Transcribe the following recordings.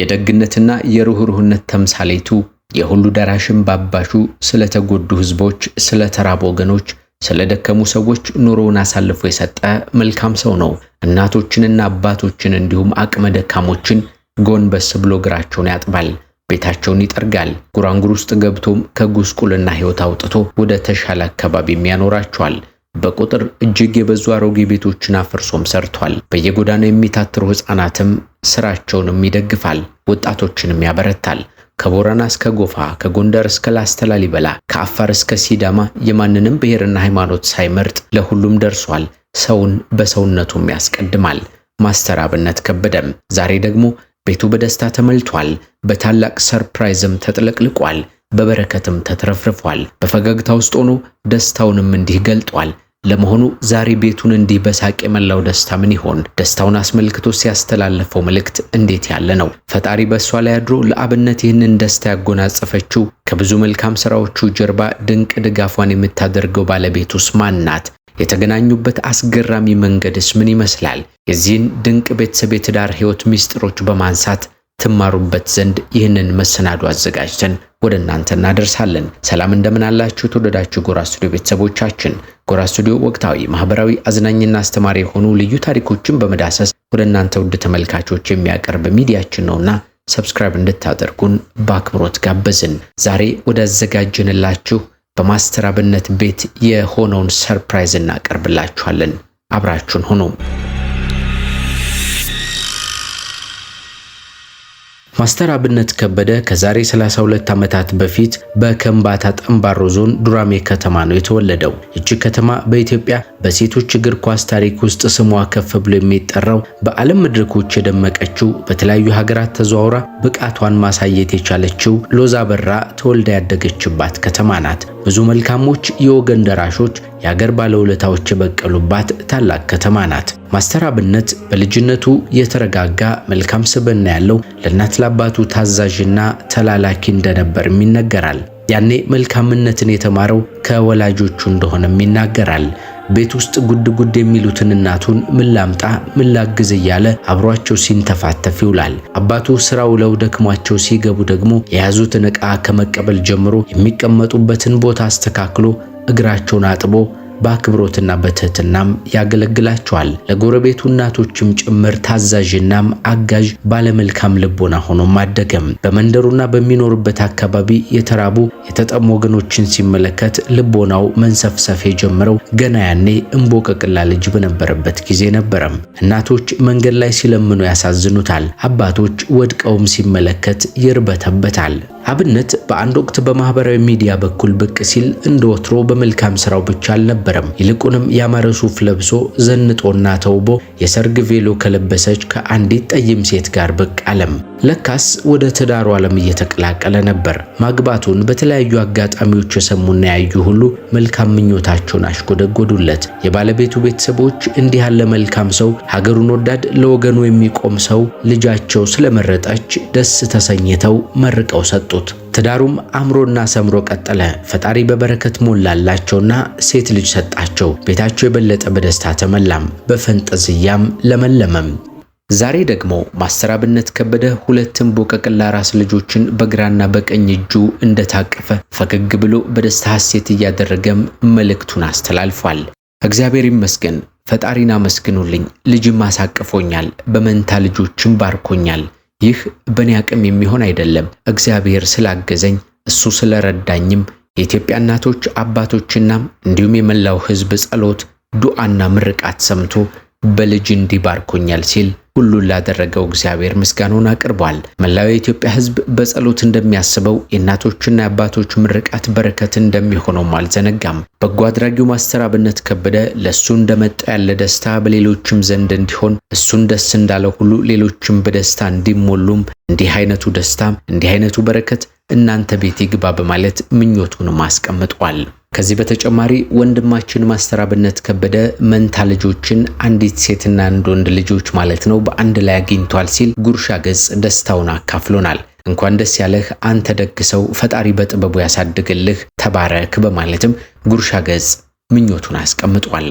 የደግነትና የርኅሩህነት ተምሳሌቱ የሁሉ ደራሽም ባባሹ ስለ ተጎዱ ስለተራቡ ስለ ወገኖች፣ ስለ ደከሙ ሰዎች ኑሮውን አሳልፎ የሰጠ መልካም ሰው ነው። እናቶችንና አባቶችን እንዲሁም አቅመ ደካሞችን ጎንበስ ብሎ እግራቸውን ያጥባል፣ ቤታቸውን ይጠርጋል። ጉራንጉር ውስጥ ገብቶም ከጉስቁልና ህይወት አውጥቶ ወደ ተሻለ አካባቢም ያኖራቸዋል። በቁጥር እጅግ የበዙ አሮጌ ቤቶችን አፍርሶም ሰርቷል። በየጎዳናው የሚታትሩ ሕፃናትም ስራቸውንም ይደግፋል፣ ወጣቶችንም ያበረታል። ከቦረና እስከ ጎፋ፣ ከጎንደር እስከ ላስታ ላሊበላ፣ ከአፋር እስከ ሲዳማ የማንንም ብሔርና ሃይማኖት ሳይመርጥ ለሁሉም ደርሷል። ሰውን በሰውነቱም ያስቀድማል። ማስተር አብነት ከበደም ዛሬ ደግሞ ቤቱ በደስታ ተመልቷል በታላቅ ሰርፕራይዝም ተጥለቅልቋል። በበረከትም ተትረፍርፏል። በፈገግታ ውስጥ ሆኖ ደስታውንም እንዲህ ገልጧል። ለመሆኑ ዛሬ ቤቱን እንዲህ በሳቅ የመላው ደስታ ምን ይሆን? ደስታውን አስመልክቶ ሲያስተላለፈው መልእክት እንዴት ያለ ነው? ፈጣሪ በእሷ ላይ አድሮ ለአብነት ይህንን ደስታ ያጎናጸፈችው ከብዙ መልካም ስራዎቹ ጀርባ ድንቅ ድጋፏን የምታደርገው ባለቤቱስ ማን ናት? የተገናኙበት አስገራሚ መንገድስ ምን ይመስላል? የዚህን ድንቅ ቤተሰብ የትዳር ሕይወት ሚስጥሮች በማንሳት ትማሩበት ዘንድ ይህንን መሰናዶ አዘጋጅተን ወደ እናንተ እናደርሳለን። ሰላም እንደምን አላችሁ? ተወደዳችሁ ጎራ ስቱዲዮ ቤተሰቦቻችን፣ ጎራ ስቱዲዮ ወቅታዊ፣ ማህበራዊ፣ አዝናኝና አስተማሪ የሆኑ ልዩ ታሪኮችን በመዳሰስ ወደ እናንተ ውድ ተመልካቾች የሚያቀርብ ሚዲያችን ነውና ሰብስክራይብ እንድታደርጉን በአክብሮት ጋበዝን። ዛሬ ወዳዘጋጅንላችሁ በማስተር አብነት ቤት የሆነውን ሰርፕራይዝ እናቀርብላችኋለን። አብራችሁን ሆኖም ማስተር አብነት ከበደ ከዛሬ 32 ዓመታት በፊት በከምባታ ጠምባሮ ዞን ዱራሜ ከተማ ነው የተወለደው። ይቺ ከተማ በኢትዮጵያ በሴቶች እግር ኳስ ታሪክ ውስጥ ስሟ ከፍ ብሎ የሚጠራው በዓለም መድረኮች የደመቀችው በተለያዩ ሀገራት ተዘዋውራ ብቃቷን ማሳየት የቻለችው ሎዛ በራ ተወልዳ ያደገችባት ከተማ ናት። ብዙ መልካሞች የወገን ደራሾች የአገር ባለውለታዎች የበቀሉባት ታላቅ ከተማ ናት። ማስተር አብነት በልጅነቱ የተረጋጋ መልካም ስብዕና ያለው ለእናት ለአባቱ ታዛዥና ተላላኪ እንደነበርም ይነገራል። ያኔ መልካምነትን የተማረው ከወላጆቹ እንደሆነም ይናገራል። ቤት ውስጥ ጉድ ጉድ የሚሉትን እናቱን ምን ላምጣ ምን ላግዝ እያለ አብሯቸው ሲንተፋተፍ ይውላል። አባቱ ስራ ውለው ደክሟቸው ሲገቡ ደግሞ የያዙትን ዕቃ ከመቀበል ጀምሮ የሚቀመጡበትን ቦታ አስተካክሎ እግራቸውን አጥቦ በአክብሮትና በትህትናም ያገለግላቸዋል። ለጎረቤቱ እናቶችም ጭምር ታዛዥናም አጋዥ ባለመልካም ልቦና ሆኖም አደገም። በመንደሩና በሚኖሩበት አካባቢ የተራቡ የተጠሙ ወገኖችን ሲመለከት ልቦናው መንሰፍሰፍ የጀመረው ገና ያኔ እንቦቀቅላ ልጅ በነበረበት ጊዜ ነበረም። እናቶች መንገድ ላይ ሲለምኑ ያሳዝኑታል። አባቶች ወድቀውም ሲመለከት ይርበተበታል። አብነት በአንድ ወቅት በማህበራዊ ሚዲያ በኩል ብቅ ሲል እንደ ወትሮ በመልካም ስራው ብቻ አልነበረም። ይልቁንም ያማረ ሱፍ ለብሶ ዘንጦና ተውቦ የሰርግ ቬሎ ከለበሰች ከአንዲት ጠይም ሴት ጋር ብቅ አለም። ለካስ ወደ ትዳሩ ዓለም እየተቀላቀለ ነበር። ማግባቱን በተለያዩ አጋጣሚዎች የሰሙና ያዩ ሁሉ መልካም ምኞታቸውን አሽጎደጎዱለት። የባለቤቱ ቤተሰቦች እንዲህ ያለ መልካም ሰው፣ ሀገሩን ወዳድ፣ ለወገኑ የሚቆም ሰው ልጃቸው ስለመረጠች ደስ ተሰኝተው መርቀው ሰጡ። ሰጡት። ትዳሩም አምሮና ሰምሮ ቀጠለ። ፈጣሪ በበረከት ሞላላቸውና ሴት ልጅ ሰጣቸው። ቤታቸው የበለጠ በደስታ ተመላም፣ በፈንጠዝያም ለመለመም። ዛሬ ደግሞ ማስተር አብነት ከበደ ሁለትም ቦቀቅላ ራስ ልጆችን በግራና በቀኝ እጁ እንደታቀፈ ፈገግ ብሎ በደስታ ሐሴት እያደረገም መልእክቱን አስተላልፏል። እግዚአብሔር ይመስገን፣ ፈጣሪን አመስግኑልኝ፣ ልጅም አሳቅፎኛል፣ በመንታ ልጆችም ባርኮኛል ይህ በእኔ አቅም የሚሆን አይደለም። እግዚአብሔር ስላገዘኝ እሱ ስለረዳኝም የኢትዮጵያ እናቶች አባቶችና እንዲሁም የመላው ሕዝብ ጸሎት ዱዓና ምርቃት ሰምቶ በልጅ እንዲባርኮኛል ሲል ሁሉን ላደረገው እግዚአብሔር ምስጋናውን አቅርቧል። መላው የኢትዮጵያ ሕዝብ በጸሎት እንደሚያስበው የእናቶችና የአባቶች ምርቃት በረከት እንደሚሆነውም አልዘነጋም። በጎ አድራጊው ማስተር አብነት ከበደ ለእሱ እንደመጣ ያለ ደስታ በሌሎችም ዘንድ እንዲሆን እሱን ደስ እንዳለው ሁሉ ሌሎችም በደስታ እንዲሞሉም እንዲህ አይነቱ ደስታ እንዲህ አይነቱ በረከት እናንተ ቤት ይግባ በማለት ምኞቱንም አስቀምጧል። ከዚህ በተጨማሪ ወንድማችን ማስተር አብነት ከበደ መንታ ልጆችን አንዲት ሴትና አንድ ወንድ ልጆች ማለት ነው በአንድ ላይ አግኝቷል ሲል ጉርሻ ገጽ ደስታውን አካፍሎናል። እንኳን ደስ ያለህ አንተ ደግሰው ፈጣሪ በጥበቡ ያሳድግልህ፣ ተባረክ በማለትም ጉርሻ ገጽ ምኞቱን አስቀምጧል።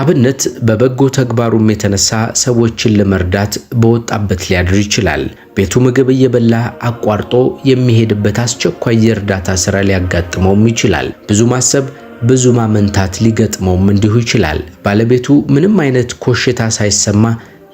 አብነት በበጎ ተግባሩም የተነሳ ሰዎችን ለመርዳት በወጣበት ሊያድር ይችላል። ቤቱ ምግብ እየበላ አቋርጦ የሚሄድበት አስቸኳይ የእርዳታ ስራ ሊያጋጥመውም ይችላል። ብዙ ማሰብ ብዙ ማመንታት ሊገጥመውም እንዲሁ ይችላል። ባለቤቱ ምንም አይነት ኮሽታ ሳይሰማ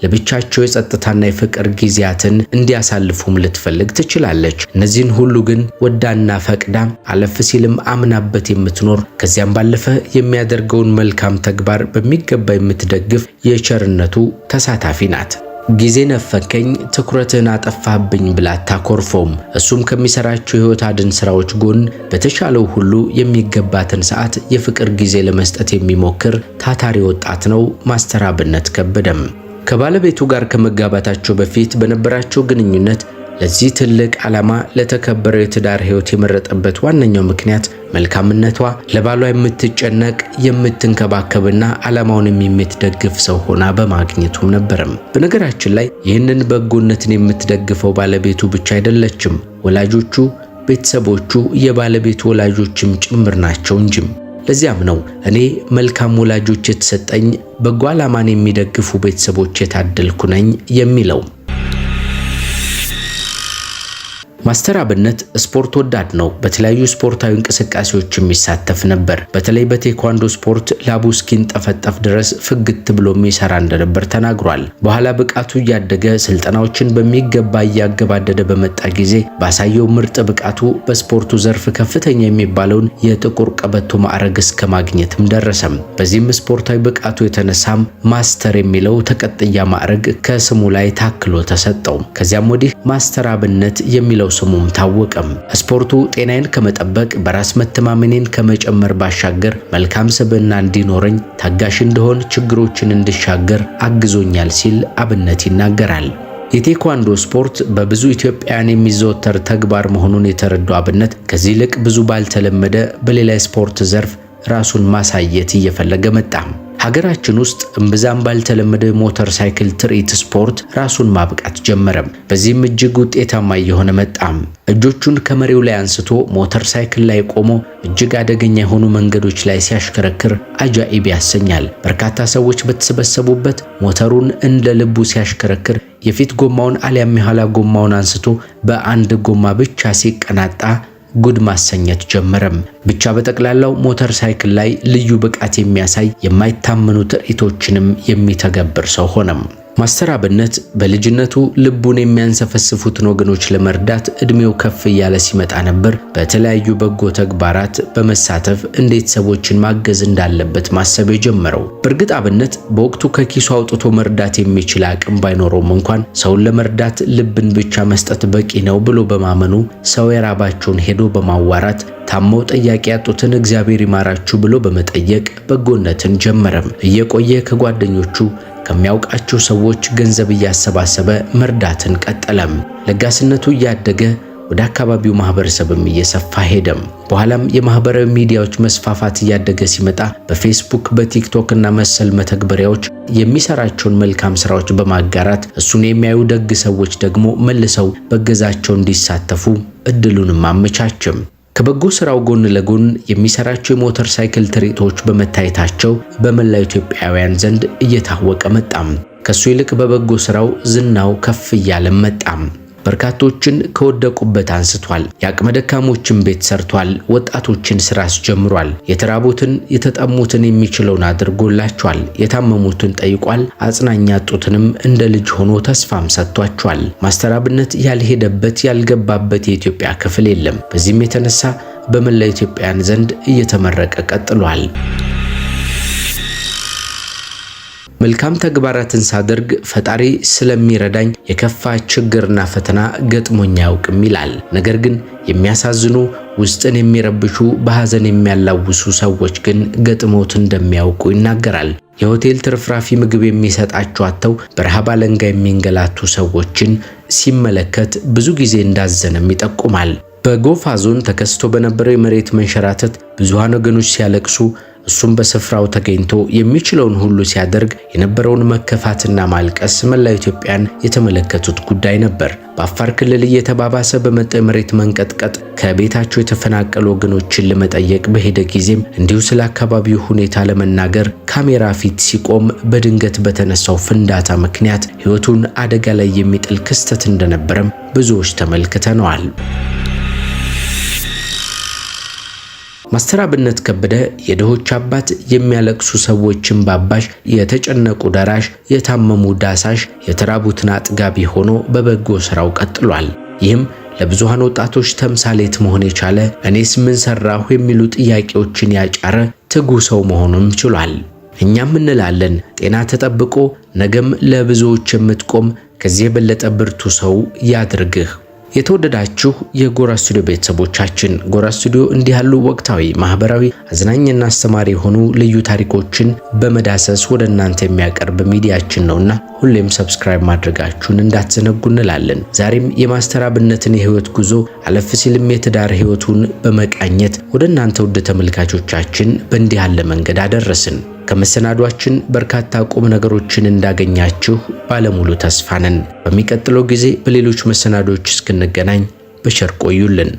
ለብቻቸው የጸጥታና የፍቅር ጊዜያትን እንዲያሳልፉም ልትፈልግ ትችላለች። እነዚህን ሁሉ ግን ወዳና ፈቅዳ አለፍ ሲልም አምናበት የምትኖር ከዚያም ባለፈ የሚያደርገውን መልካም ተግባር በሚገባ የምትደግፍ የቸርነቱ ተሳታፊ ናት። ጊዜ ነፈከኝ፣ ትኩረትን አጠፋህብኝ ብላ ታኮርፎም እሱም ከሚሰራቸው የህይወት አድን ስራዎች ጎን በተሻለው ሁሉ የሚገባትን ሰዓት የፍቅር ጊዜ ለመስጠት የሚሞክር ታታሪ ወጣት ነው ማስተራብነት ከበደም። ከባለቤቱ ጋር ከመጋባታቸው በፊት በነበራቸው ግንኙነት ለዚህ ትልቅ ዓላማ ለተከበረው የትዳር ሕይወት የመረጠበት ዋነኛው ምክንያት መልካምነቷ፣ ለባሏ የምትጨነቅ የምትንከባከብና ዓላማውንም የምትደግፍ ሰው ሆና በማግኘቱም ነበረም። በነገራችን ላይ ይህንን በጎነትን የምትደግፈው ባለቤቱ ብቻ አይደለችም። ወላጆቹ፣ ቤተሰቦቹ፣ የባለቤቱ ወላጆችም ጭምር ናቸው እንጂም ለዚያም ነው እኔ መልካም ወላጆች የተሰጠኝ በጎ ዓላማን የሚደግፉ ቤተሰቦች የታደልኩ ነኝ የሚለው። ማስተር አብነት ስፖርት ወዳድ ነው። በተለያዩ ስፖርታዊ እንቅስቃሴዎች የሚሳተፍ ነበር። በተለይ በቴኳንዶ ስፖርት ላቡ እስኪንጠፈጠፍ ድረስ ፍግት ብሎ የሚሰራ እንደነበር ተናግሯል። በኋላ ብቃቱ እያደገ ስልጠናዎችን በሚገባ እያገባደደ በመጣ ጊዜ ባሳየው ምርጥ ብቃቱ በስፖርቱ ዘርፍ ከፍተኛ የሚባለውን የጥቁር ቀበቶ ማዕረግ እስከ ማግኘትም ደረሰም። በዚህም ስፖርታዊ ብቃቱ የተነሳም ማስተር የሚለው ተቀጥያ ማዕረግ ከስሙ ላይ ታክሎ ተሰጠው። ከዚያም ወዲህ ማስተር አብነት የሚለው ስሙም ታወቀም። ስፖርቱ ጤናዬን ከመጠበቅ በራስ መተማመኔን ከመጨመር ባሻገር መልካም ስብዕና እንዲኖረኝ፣ ታጋሽ እንደሆን፣ ችግሮችን እንድሻገር አግዞኛል ሲል አብነት ይናገራል። የቴኳንዶ ስፖርት በብዙ ኢትዮጵያውያን የሚዘወተር ተግባር መሆኑን የተረዱ አብነት ከዚህ ይልቅ ብዙ ባልተለመደ በሌላ የስፖርት ዘርፍ ራሱን ማሳየት እየፈለገ መጣ። ሀገራችን ውስጥ እምብዛም ባልተለመደ ሞተር ሳይክል ትርኢት ስፖርት ራሱን ማብቃት ጀመረም። በዚህም እጅግ ውጤታማ እየሆነ መጣም። እጆቹን ከመሪው ላይ አንስቶ ሞተር ሳይክል ላይ ቆሞ እጅግ አደገኛ የሆኑ መንገዶች ላይ ሲያሽከረክር አጃኢብ ያሰኛል። በርካታ ሰዎች በተሰበሰቡበት ሞተሩን እንደ ልቡ ሲያሽከረክር የፊት ጎማውን አሊያም የኋላ ጎማውን አንስቶ በአንድ ጎማ ብቻ ሲቀናጣ ጉድ ማሰኘት ጀመረም። ብቻ በጠቅላላው ሞተር ሳይክል ላይ ልዩ ብቃት የሚያሳይ የማይታመኑ ትርኢቶችንም የሚተገብር ሰው ሆነም። ማስተር አብነት በልጅነቱ ልቡን የሚያንሰፈስፉትን ወገኖች ለመርዳት እድሜው ከፍ እያለ ሲመጣ ነበር በተለያዩ በጎ ተግባራት በመሳተፍ እንዴት ሰዎችን ማገዝ እንዳለበት ማሰብ የጀመረው። በእርግጥ አብነት በወቅቱ ከኪሱ አውጥቶ መርዳት የሚችል አቅም ባይኖረውም እንኳን ሰውን ለመርዳት ልብን ብቻ መስጠት በቂ ነው ብሎ በማመኑ ሰው የራባቸውን ሄዶ በማዋራት ታመው ጥያቄ ያጡትን እግዚአብሔር ይማራችሁ ብሎ በመጠየቅ በጎነትን ጀመረም። እየቆየ ከጓደኞቹ ከሚያውቃቸው ሰዎች ገንዘብ እያሰባሰበ መርዳትን ቀጠለም። ለጋስነቱ እያደገ ወደ አካባቢው ማህበረሰብም እየሰፋ ሄደም። በኋላም የማህበራዊ ሚዲያዎች መስፋፋት እያደገ ሲመጣ በፌስቡክ በቲክቶክ እና መሰል መተግበሪያዎች የሚሰራቸውን መልካም ስራዎች በማጋራት እሱን የሚያዩ ደግ ሰዎች ደግሞ መልሰው በገዛቸው እንዲሳተፉ እድሉንም አመቻችም። ከበጎ ስራው ጎን ለጎን የሚሰራቸው የሞተር ሳይክል ትርኢቶች በመታየታቸው በመላው ኢትዮጵያውያን ዘንድ እየታወቀ መጣም። ከሱ ይልቅ በበጎ ስራው ዝናው ከፍ እያለም መጣም። በርካቶችን ከወደቁበት አንስቷል። የአቅመ ደካሞችን ቤት ሰርቷል። ወጣቶችን ስራ አስጀምሯል። የተራቡትን የተጠሙትን የሚችለውን አድርጎላቸዋል። የታመሙትን ጠይቋል። አጽናኛ አጡትንም እንደ ልጅ ሆኖ ተስፋም ሰጥቷቸዋል። ማስተራብነት ያልሄደበት ያልገባበት የኢትዮጵያ ክፍል የለም። በዚህም የተነሳ በመላ ኢትዮጵያውያን ዘንድ እየተመረቀ ቀጥሏል። መልካም ተግባራትን ሳደርግ ፈጣሪ ስለሚረዳኝ የከፋ ችግርና ፈተና ገጥሞኝ አያውቅም ይላል። ነገር ግን የሚያሳዝኑ ውስጥን የሚረብሹ በሐዘን የሚያላውሱ ሰዎች ግን ገጥሞት እንደሚያውቁ ይናገራል። የሆቴል ትርፍራፊ ምግብ የሚሰጣቸው አጥተው በረሃብ አለንጋ የሚንገላቱ ሰዎችን ሲመለከት ብዙ ጊዜ እንዳዘነም ይጠቁማል። በጎፋ ዞን ተከስቶ በነበረው የመሬት መንሸራተት ብዙሃን ወገኖች ሲያለቅሱ እሱም በስፍራው ተገኝቶ የሚችለውን ሁሉ ሲያደርግ የነበረውን መከፋትና ማልቀስ መላ ኢትዮጵያን የተመለከቱት ጉዳይ ነበር። በአፋር ክልል እየተባባሰ በመጣ መሬት መንቀጥቀጥ ከቤታቸው የተፈናቀሉ ወገኖችን ለመጠየቅ በሄደ ጊዜም እንዲሁ ስለ አካባቢው ሁኔታ ለመናገር ካሜራ ፊት ሲቆም በድንገት በተነሳው ፍንዳታ ምክንያት ሕይወቱን አደጋ ላይ የሚጥል ክስተት እንደነበረም ብዙዎች ተመልክተነዋል። ማስተር አብነት ከበደ የድሆች አባት፣ የሚያለቅሱ ሰዎችን ባባሽ፣ የተጨነቁ ደራሽ፣ የታመሙ ዳሳሽ፣ የተራቡትን አጥጋቢ ሆኖ በበጎ ስራው ቀጥሏል። ይህም ለብዙሃን ወጣቶች ተምሳሌት መሆን የቻለ እኔስ ምን ሰራሁ የሚሉ ጥያቄዎችን ያጫረ ትጉ ሰው መሆኑም ችሏል። እኛም እንላለን ጤና ተጠብቆ ነገም ለብዙዎች የምትቆም ከዚህ የበለጠ ብርቱ ሰው ያድርግህ። የተወደዳችሁ የጎራ ስቱዲዮ ቤተሰቦቻችን ጎራ ስቱዲዮ እንዲህ ያሉ ወቅታዊ፣ ማህበራዊ፣ አዝናኝና አስተማሪ የሆኑ ልዩ ታሪኮችን በመዳሰስ ወደ እናንተ የሚያቀርብ ሚዲያችን ነውና ሁሌም ሰብስክራይብ ማድረጋችሁን እንዳትዘነጉ እንላለን። ዛሬም የማስተር አብነትን የህይወት ጉዞ አለፍ ሲልም የትዳር ህይወቱን በመቃኘት ወደ እናንተ ውድ ተመልካቾቻችን በእንዲህ ያለ መንገድ አደረስን። ከመሰናዷችን በርካታ ቁም ነገሮችን እንዳገኛችሁ ባለሙሉ ተስፋ ነን። በሚቀጥለው ጊዜ በሌሎች መሰናዶች እስክንገናኝ በቸር ቆዩልን።